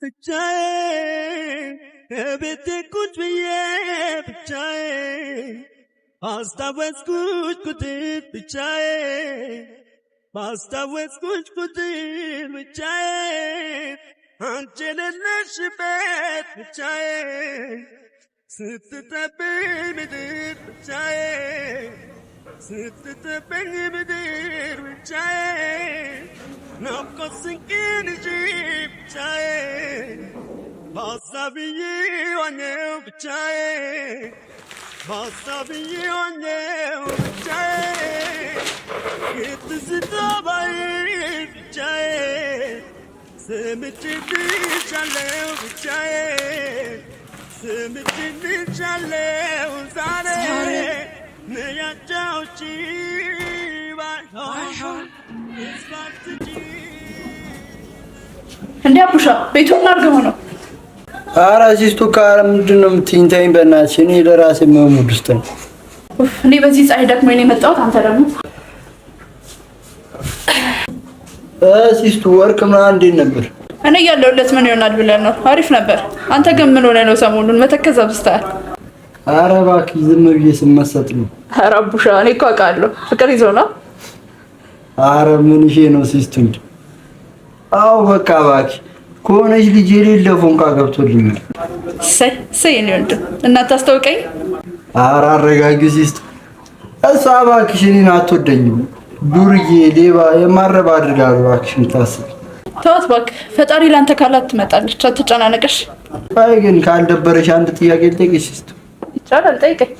पिक्चरें बीते कुछ भी है पिक्चरें पास्ता बस कुछ कुछ पिक्चरें पास्ता बस कुछ कुछ पिक्चरें हाँ चले नश बैठ पिक्चरें सिर्फ तबे में दिल पिक्चरें Sıtı beni bilir çay Nafkasın gelecek çay Basabiyi anne çay Basabiyi anne çay Gitti tabayı çay Semitini çalev çay Semitini çalev zare እንዲ አቡሻ ቤቱን አድርገው ነው። ኧረ ሲስቱ ካረ ምንድን ነው የምትይኝ? ተይኝ በእናትሽ። እኔ ለራሴ መሙድ ውስጥ ነው። እኔ በዚህ ፀሐይ ደክሞኝ ነው የመጣሁት። አንተ ደግሞ ሲስቱ ወርቅ ምናምን እንዴት ነበር? እኔ እያለሁለት ምን ይሆናል ብለህ ነው? አሪፍ ነበር። አንተ ግን ምን ሆነህ ነው ሰሞኑን መተከዝ አብዝተሃል? ኧረ እባክሽ ዝም ብዬ ስመሰጥ ነው። ኧረ አቡሻ እኔ እኮ አውቃለሁ ፍቅር ይዞ ነው። አረ ምን ይሄ ነው ሲስቱኝ። አዎ በቃ እባክሽ ከሆነች ልጅ የሌለ ፎንቃ ገብቶልኛል። ሰይ ሰይ ነው እንዴ እናት አስታውቀኝ። አረ አረጋጊው ሲስቱ እሷ እባክሽ እኔን አትወደኝም። ዱርዬ ሌባ የማረባ አድርጋ እባክሽ የምታስብ ተዋት እባክህ። ፈጣሪ ላንተ ካላት ትመጣለች። አትጨናነቅሽ። አይ ግን ካልደበረሽ አንድ ጥያቄ ልጠይቅሽ ሲስቱ ይቻላል። ጠይቀኝ።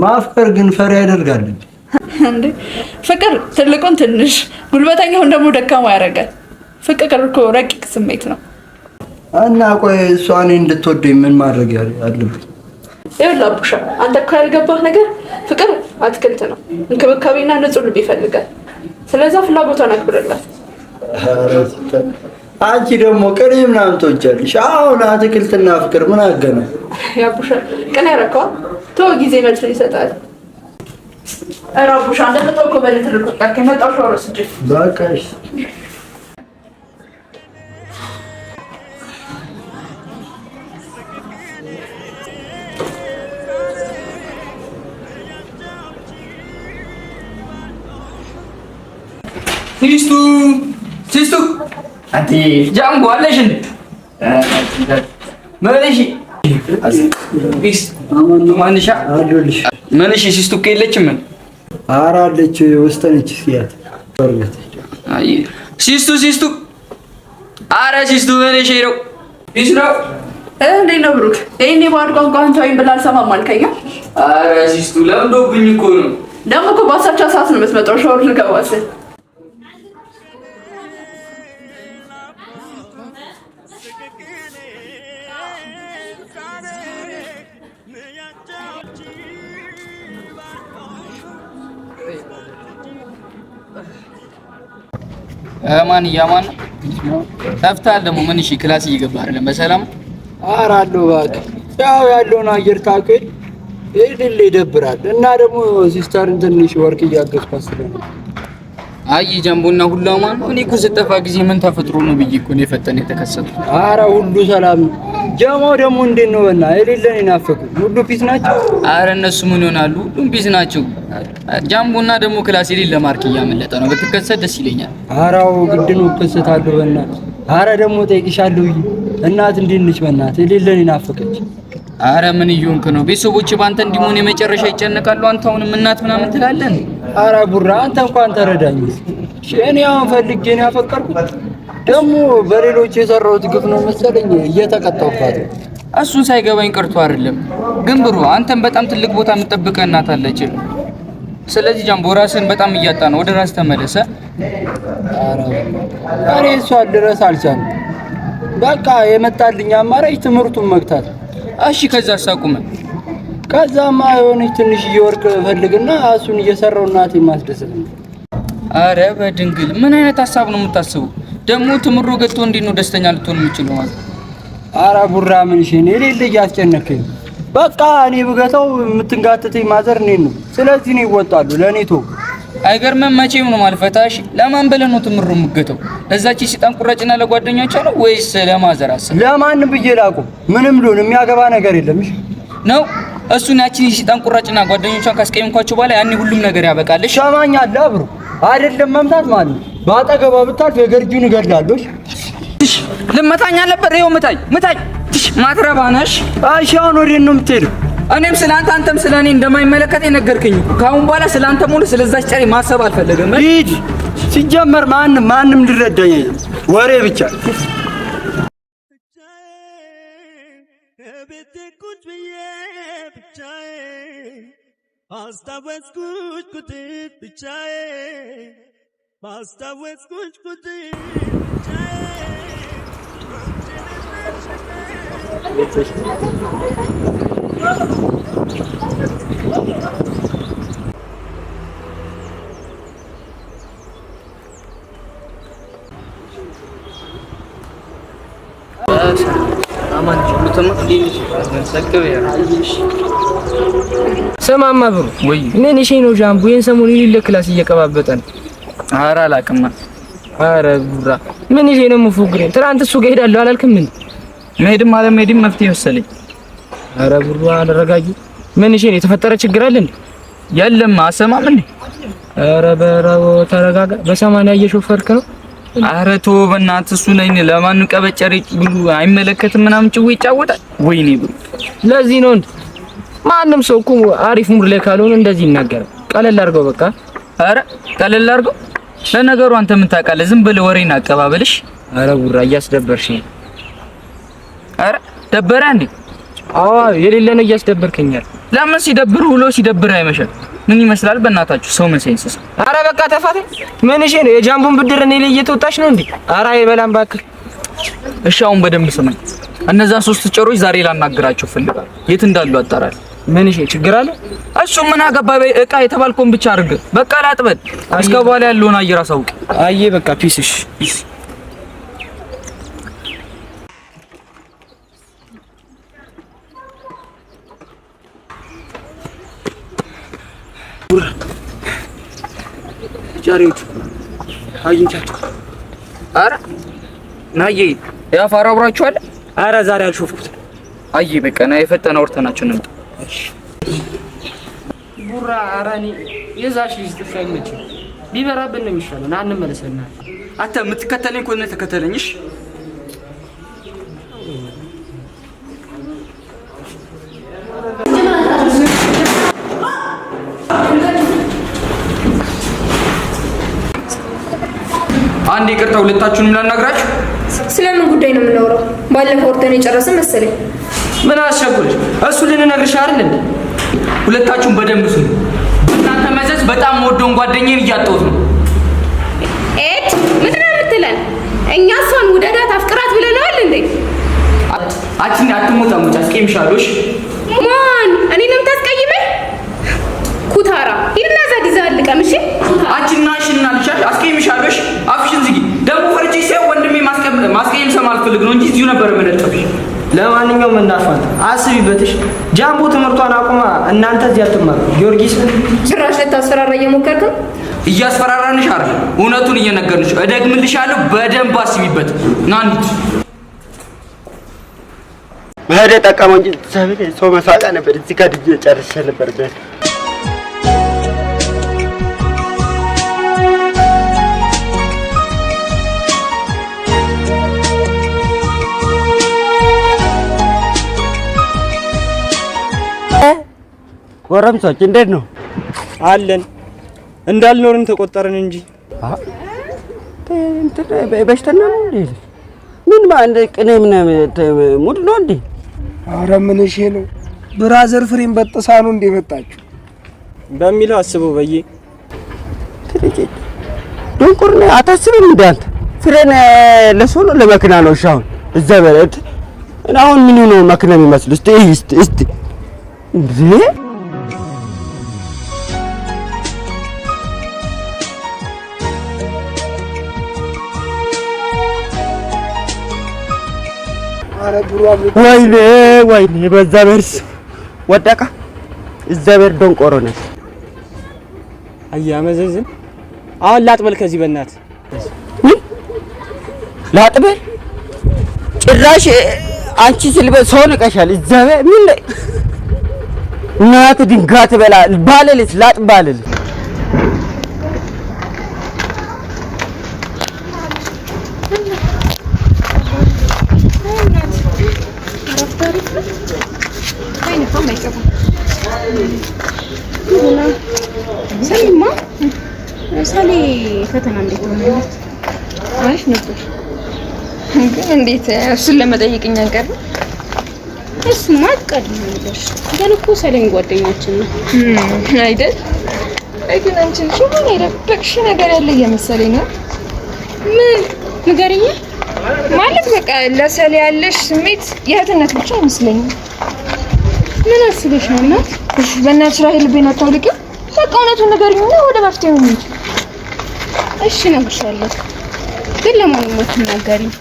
ማፍቀር ግን ፈሪ ያደርጋል ፍቅር ትልቁን ትንሽ፣ ጉልበተኛውን ደግሞ ደካማ ያደርጋል። ፍቅር እኮ ረቂቅ ስሜት ነው እና ቆይ እሷ እኔን እንድትወደኝ ምን ማድረግ አለብኝ? ይኸውልህ አቡሻ፣ አንተ እኮ ያልገባህ ነገር ፍቅር አትክልት ነው፣ እንክብካቤና ንጹህ ልብ ይፈልጋል። ስለዛ ፍላጎቷን አክብርላት። አንቺ ደግሞ ቅኔ ምናምን ትወጃለሽ። አሁን አትክልትና ፍቅር ምን አገነ? ያቡሻል ቅኔ ያረከዋል። ተወው ጊዜ መልስ ይሰጣል። ራቡሻ እንደመጣሁ እኮ በሌት ልቆጣ ከመጣው ሾሮስ ወስጄ በቃሽ። ሲስቱ ሲስቱ አንተ ጃንጎ አለሽ እንዴ? መለሽ መንሽ ሲስቱ ከየለችም ምን ኧረ አለች ውስጥ ነች። ሲያት ሲስቱ ሲስቱ ኧረ ሲስቱ መንሽ ነው ነው እንዴት ነው ብሩክ? ይሄኔ ባድ ቋንቋ አንተ ብላ አልሰማም አልከኝ። ኧረ ሲስቱ ለምዶብኝ እኮ ነው። ደግሞ እኮ ባሳቻ ሰዓት ነው የምትመጣው ሻወር ልገባ ስል ማን ያማን ጠፍተሃል ደግሞ ምን? እሺ ክላስ እየገባ አይደለም በሰላም ኧረ አለሁ እባክህ። ያው ያለውን አየር ታውቂው ይድል ይደብራል። እና ደግሞ ሲስተርን ትንሽ ወርቅ እያገዝኳት ስለሆነ አይ ጃምቦና ሁላ ማለት ነው። እኔ እኮ ስጠፋ ጊዜ ምን ተፈጥሮ ነው ብዬ እኮ ነው የፈጠነ የተከሰቱ። አረ ሁሉ ሰላም ጀማው ደግሞ እንዴት ነው? በና የሌለን ይናፈቁ ሁሉ ፒስ ናቸው። አረ እነሱ ምን ይሆናሉ? ሁሉም ፒስ ናቸው። ጃምቦና ደግሞ ክላስ የሌለ ማርክ እያመለጠ ነው። ብትከሰት ደስ ይለኛል። አራው ግድ ነው እከሰታለሁ። በእናትህ አረ ደግሞ ጠይቅሻለሁ። እናት እንዴት ነች? በእናትህ የሌለን ይናፈቀች አረ ምን እየሆንክ ነው? ቤተሰቦች በአንተ እንዲሞን የመጨረሻ ይጨነቃሉ። አንተ አሁንም እናት ምናምን ትላለን። አረ ቡራ አንተ እንኳን ተረዳኝ። እኔ አሁን ፈልጌ ነው ያፈቀርኩት። ደግሞ በሌሎች የሰራሁት ግፍ ነው መሰለኝ እየተቀጣሁባት። እሱን ሳይገባኝ ቀርቶ አይደለም ግን ብሩ፣ አንተም በጣም ትልቅ ቦታ የምጠብቀህ እናት አለች። ስለዚህ ጃምቦ ራስህን በጣም እያጣ ነው። ወደ ራስ ተመለሰ። አረ እሷ ድረስ አልቻልም። በቃ የመጣልኝ አማራጭ ትምህርቱን መግታት እሺ ከዛ ሳቁመ ከዛማ የሆነች ትንሽዬ ወርቅ ፈልግና እሱን እየሰራው እናቴ ማስደሰት ነው። አረ በድንግል ምን አይነት ሀሳብ ነው የምታስቡ? ደግሞ ትምሮ ገጥቶ እንዴት ነው ደስተኛ ልትሆን የምችለው ማለት? አረ ቡራ ምን እሺ፣ እኔ ልጅ አስጨነከኝ። በቃ እኔ ብገታው የምትንጋትተኝ ማዘር እኔን ነው። ስለዚህ ነው ይወጣሉ አይገርምም። መቼም ነው ማልፈታሽ። ለማን ብለህ ነው ትምሩ የምገተው? ለዛች ሲጣን ቁራጭና ለጓደኞቿ ነው ወይስ ለማዘር አሰብ? ለማን ብዬ ላቁ? ምንም ሊሆን የሚያገባ ነገር የለም። እሺ ነው እሱን ያቺን ሲጣን ቁራጭና ጓደኞቿን ካስቀየምኳቸው በኋላ ያኔ ሁሉም ነገር ያበቃል። እሺ አለ አብሮ አይደለም መምታት ማለት ነው። በአጠገቧ ብታልፍ የገርጂውን እገድላለሁ። እሺ ልመታኛ ነበር። ይኸው ምታኝ፣ ምታኝ። ማትረባ ነሽ። እሺ አሁን ወዴት ነው የምትሄደው? እኔም ስለ አንተም ስለ እንደማይመለከት የነገርከኝ ነገርከኝ። ከአሁን በኋላ ስለ ሙሉ ስለዛች ጨሬ ማሰብ አልፈለገም። ሂድ። ሲጀመር ማንም ማንም ሊረዳኝ ወሬ ብቻ ብቻዬ ስማማ ብሩ ምን እሺ ነው ጃምቡ፣ ይሄን ሰሞኑን የሌለ ክላስ እየቀባበጠ ነው። ኧረ አላውቅም። ኧረ ጉራ ምን ይዤ ነው የምፎግረኝ? ትናንት እሱ ጋር እሄዳለሁ አላልክም? ምን መሄድም አለመሄድም መፍትሄ መሰለኝ። አረ ጉድ አልረጋጊ። ምን እሺ፣ የተፈጠረ ችግር አለ እንዴ? የለም አሰማም እንዴ? አረ በረቦ ተረጋጋ። በሰማንያ እየሾፈርክ ነው። አረ ተወው በእናትህ። እሱ ላይ ለማን ቀበጨሪ ብሉ አይመለከትም ምናምን ጭው ይጫወታል። ወይኔ ብሉ። ለዚህ ነው እንዴ ማንም ሰው እኮ አሪፍ ሙድ ላይ ካልሆነ እንደዚህ ይናገራል። ቀለል አድርገው በቃ። አረ ቀለል አድርገው። ለነገሩ አንተ ምን ታውቃለህ? ዝም ብለህ ወሬን አቀባበልሽ። አረ ጉራ እያስደበርሽ ነው ኧረ ደበረ እንዴ? አዎ የሌለን እያስደበርከኛል። ለምን ሲደብር ውሎ ሲደብር አይመሸም? ምን ይመስላል በእናታችሁ ሰው መሰል እንስሳ። አረ በቃ ተፋት ምን እሺ ነው የጃምቡን ብድር እኔ ላይ እየተወጣች ነው እንዴ? አረ አይበላም እባክህ። እሺ አሁን በደንብ ስማኝ። እነዛ ሶስት ጨሮች ዛሬ ላናግራቸው ፈልጋለሁ። የት እንዳሉ አጣራል። ምን እሺ ችግር አለ? እሱ ምን አገባ። እቃ የተባልኩን ብቻ አድርግ። በቃ ላጥበት። እስከ በኋላ ያለውን አየር አሳውቅ። አየ በቃ ፒስ። ጃሬዎቹ አግኝቻቸው። ኧረ ናዬ ያፋራ አለ። አረ ዛሬ አልሾፍኩት። አይ በቃ ና የፈጠነ አውርተናቸው እንምጣ። ቡራ አራኒ እኔ የዛሽ ልጅ ጥፋ አይመችም። ቢበራብን ነው የሚሻለው። ና እንመለስና አንተ የምትከተለኝ ከሆነ ተከተለኝሽ አንድ ይቅርታ፣ ሁለታችሁን ምን አናግራችሁ? ስለምን ጉዳይ ነው የምናወራው? ባለፈው ወርተን የጨረስን መሰለኝ። ምን አስቸኩልሽ? እሱ ልንነግርሽ አይደል እንዴ? ሁለታችሁን በደንብ ስሙ። እናንተ መዘዝ በጣም ወዶን ጓደኛዬን እያጣሁት ነው። ኤት ምን ነው የምትለን? እኛ እሷን ውደዳት፣ አፍቅራት ብለናል እንዴ? አችን አትሞጣ ሞጫ አስቀይምሻለሽ። ማን እኔ ነው የምታስቀይመኝ? ኩታራ ይልና ዛዲዛ አልቀምሽ አችናሽና ልቻሽ አስቀይምሻለሽ ማስቀየም ስለማልፈልግ ነው እንጂ እዚሁ ነበር የምነጥፍሽ። ለማንኛውም እናርፋት፣ አስቢበትሽ። ጃምቦ ትምህርቷን አቁማ እናንተ እዚህ አትማር። ጊዮርጊስ ጭራሽ ልታስፈራራ እየሞከርክ ነው። እያስፈራራንሽ አረ እውነቱን እየነገርንሽ። እደግምልሻለሁ፣ በደንብ አስቢበት። ናንት ወደ ጠቀመው እንጂ ሰው መስዋዕት ነበር። እዚህ ጋር ድጅ ጨርሼ ነበር። ጎረምሶች እንዴት ነው አለን? እንዳልኖርን ተቆጠርን እንጂ በሽተና ነው ምን ማለት ቅኔ ምን ሙድ ነው እንዴ? አረ ምን እሺ ነው ብራዘር ፍሬም በጥሳ ነው እንዴ መጣችሁ በሚለው አስበው በዬ ድንቁርና አታስብም እንዴ አንተ? ፍሬን ለሰው ነው ለመኪና ነው? እሺ አሁን እዛ በለት አሁን ምን ነው መኪና የሚመስል እስቲ እስቲ እስቲ እንዴ ወይኔ ወይኔ፣ በዛ ብሄርስ ወደቀ። እዛ ደንቆሮ ነሽ። አያመዘዝም። አሁን ላጥበል ከዚህ በእናት ላጥበል። ጭራሽ አንቺ ስልበ ሰው ንቀሻል። እዛ ብሄር ምን እናት ድንጋት በላ ባለልስ ላጥ ባለልስ ለምሳሌ ፈተና እንዴት ሆነለት? አሪፍ ነበር። ግን እንዴት እሱን ለመጠየቅ እኛ ቀርብ እሱማ አትቀድም ነበር። ግን እኮ ሰሌን ጓደኛችን ነው አይደል? ግን አንቺን ሹማን የደበቅሽ ነገር ያለ እየመሰለኝ ነው። ምን ንገርኝ ማለት በቃ ለሰሌ ያለሽ ስሜት የእህትነት ብቻ አይመስለኝም። ምን አስበሽ ነው እናት? በእናትሽ ራሄል ልቤን አታውልቂም። በቃ እውነቱን ንገሪኝ፣ ወደ መፍትሄው እንሂድ። እሺ እነግርሻለሁ፣ ግን ለማንም አትናገሪም።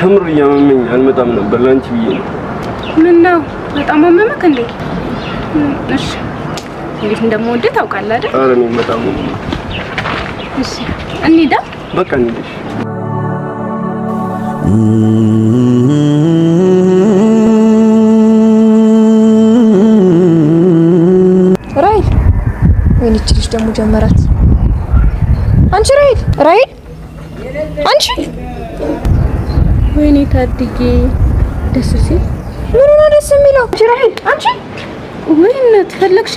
ከምር እያመመኝ አልመጣም ነበር ለአንቺ ብዬ ነው። ምን ነው በጣም አመመክ እንዴ? እሺ እንዴት እንደምወድ ታውቃለህ አይደል? አረ ነው በጣም እሺ፣ እንሂዳ በቃ እንሂድሽ ራይ ወይ ልጅ ልጅ ደግሞ ጀመራት። ታድጌ ደስ ሲል ምን ነው ደስ የሚለው? ጅራይ አንቺ ወይ እናት ፈለግሽ?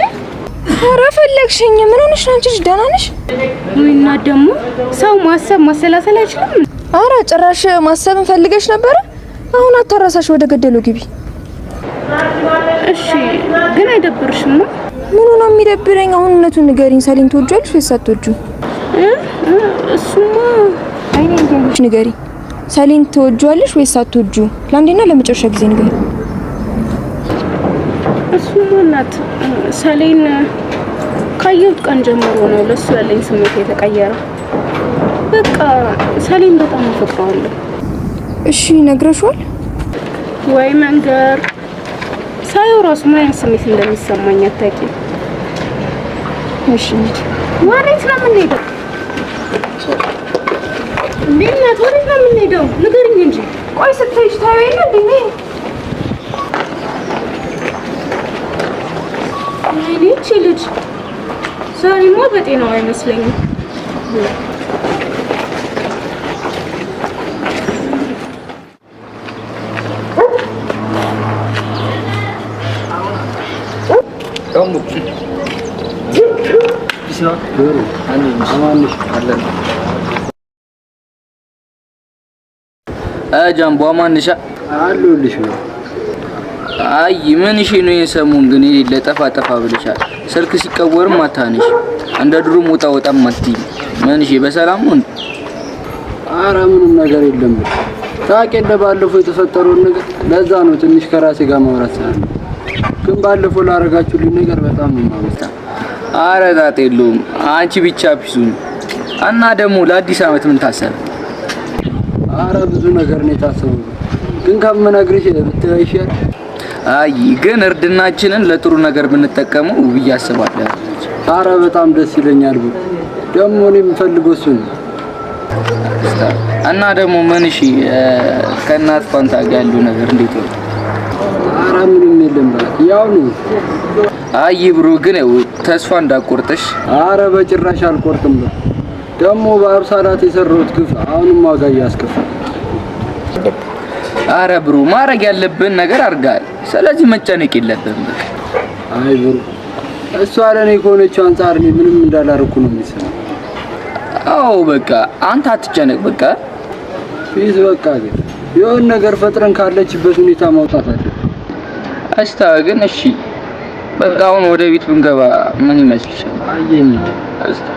ኧረ ፈለግሽኝ። ምን ሆነሽ ነው አንቺ? ልጅ ደህና ነሽ ወይ? እናት ደግሞ ሰው ማሰብ ማሰላሰል አይችልም። አረ ጭራሽ ማሰብ ፈልገሽ ነበረ። አሁን አታረሳሽ፣ ወደ ገደለው ግቢ። እሺ ግን አይደብርሽም? ምኑ ነው የሚደብረኝ? አሁን እውነቱን ንገሪኝ። ሰሊን ትወጂዋለሽ ወይስ አትወጂውም? እሱማ አይኔ ንገሪኝ ሰሊን ትወጂዋለሽ ወይስ አትወጂው? ለአንዴና ለመጨረሻ ጊዜ ንገሪ። እሱ ማናት? ሰሌን ካየሁት ቀን ጀምሮ ነው ለሱ ያለኝ ስሜት የተቀየረው። በቃ ሰሌን በጣም አፈቅረዋለሁ። እሺ ነግረሽዋል ወይ? መንገር ሳየው ራሱ ምን አይነት ስሜት እንደሚሰማኝ አታውቂም። እሺ ወሬት ለምን የምንሄደው? እናት ወዴት ነው የምንሄደው? ንገሪኝ እንጂ። ቆይ ስትሄጂ ታየው የለ እንዴ? ወይኔ ይህቺ ልጅ ዛሬማ በጤናው አይመስለኝም። ጣም ሙጭ ጃምቧ ማንሻ አሉልሽ አይ ምን እሺ ነው የሰሙን ግን ለጠፋ ጠፋ ብለሻል። ስልክ ሲቀወርም አታነሽ እንደ ድሩም ወጣ ወጣ አትይ ምን እሺ በሰላም ነው? ኧረ ምንም ነገር የለም። ታውቂ እንደ ባለፈው የተፈጠረውን ነገር ለዛ ነው ትንሽ ከራሴ ጋር ማውራት ሳለ ግን ባለፈው ላደረጋችሁልኝ ነገር በጣም ነው ማውራት። ኧረ ጣጥ የለውም አንቺ ብቻ ፒሱኝ እና ደግሞ ለአዲስ አመት ምን ታሰብ? አረ ብዙ ነገር ነው የታሰበው፣ ግን ከምነግርሽ ብታይ አይ ግን እርድናችንን ለጥሩ ነገር ብንጠቀመው ብዬ አስባለሁ። አረ በጣም ደስ ይለኛል። ቡ ደግሞ እኔ የምፈልገው እሱን እና ደግሞ ምን እሺ፣ ከእናት ፋንታ ጋር ያለው ነገር እንዴት ነው? አረ ምንም የለም ማለት ያው ነው። አይ ብሩ ግን ተስፋ እንዳቆርጥሽ። አረ በጭራሽ አልቆርጥም። ደግሞ በአምሳ የሰሩት ግፍ አሁንም ዋጋ እያስከፍል። አረ ብሩ ማድረግ ያለብን ነገር አድርጋል። ስለዚህ መጨነቅ የለብን አይ ብሩ እሷ ለእኔ ከሆነችው አንጻር እኔ ምንም እንዳላርኩ ነው የሚሰማው። አዎ በቃ አንተ አትጨነቅ። በቃ ፊዝ በቃ ግን የሆነ ነገር ፈጥረን ካለችበት ሁኔታ ማውጣት አለ። እስታ ግን እሺ በቃ አሁን ወደ ቤት ብንገባ ምን ይመስልሻል? አየኝ እስታ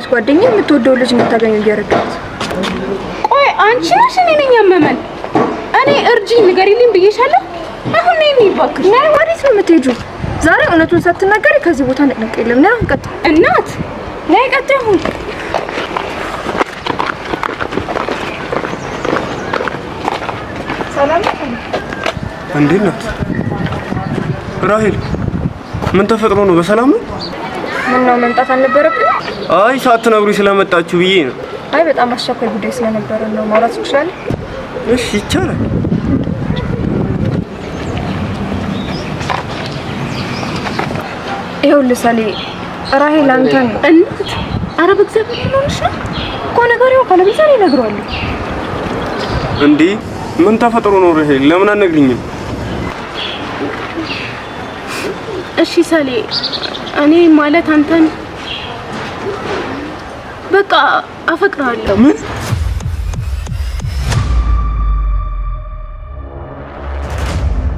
የምታውቃት ጓደኛ የምትወደው ልጅ እንድታገኙ እያደረጋት። ቆይ አንቺ ነሽ እኔ ነኝ ያመመን። እኔ እርጂ ንገሪልኝ ብዬሻለሁ። አሁን ነኝ የሚባክ ነይ። ወዴት ነው የምትሄጂው? ዛሬ እውነቱን ሳትናገሪ ከዚህ ቦታ ንቅንቅ የለም። ነይ አሁን ቀጥ እናት ነይ ቀጥ አሁን እንዴት ናት ራሄል? ምን ተፈጥሮ ነው? በሰላም ነው? ነው መምጣት አልነበረብንም? አይ ሳትነግሩኝ ስለመጣችሁ ብዬ ነው። አይ በጣም አስቸኳይ ጉዳይ ስለነበረ ነው። ማውራት ትችላለህ? እሺ ይቻላል። ይኸውልህ ሰሌ ራሄል አንተን እናት አረ በእግዚአብሔር ልሆንሽ እኮ ነገሬው እነግረዋለሁ። እንዴ ምን ተፈጥሮ ነው ራሄል? ለምን እሺ ሰሌ እኔ ማለት አንተን በቃ አፈቅራለሁ።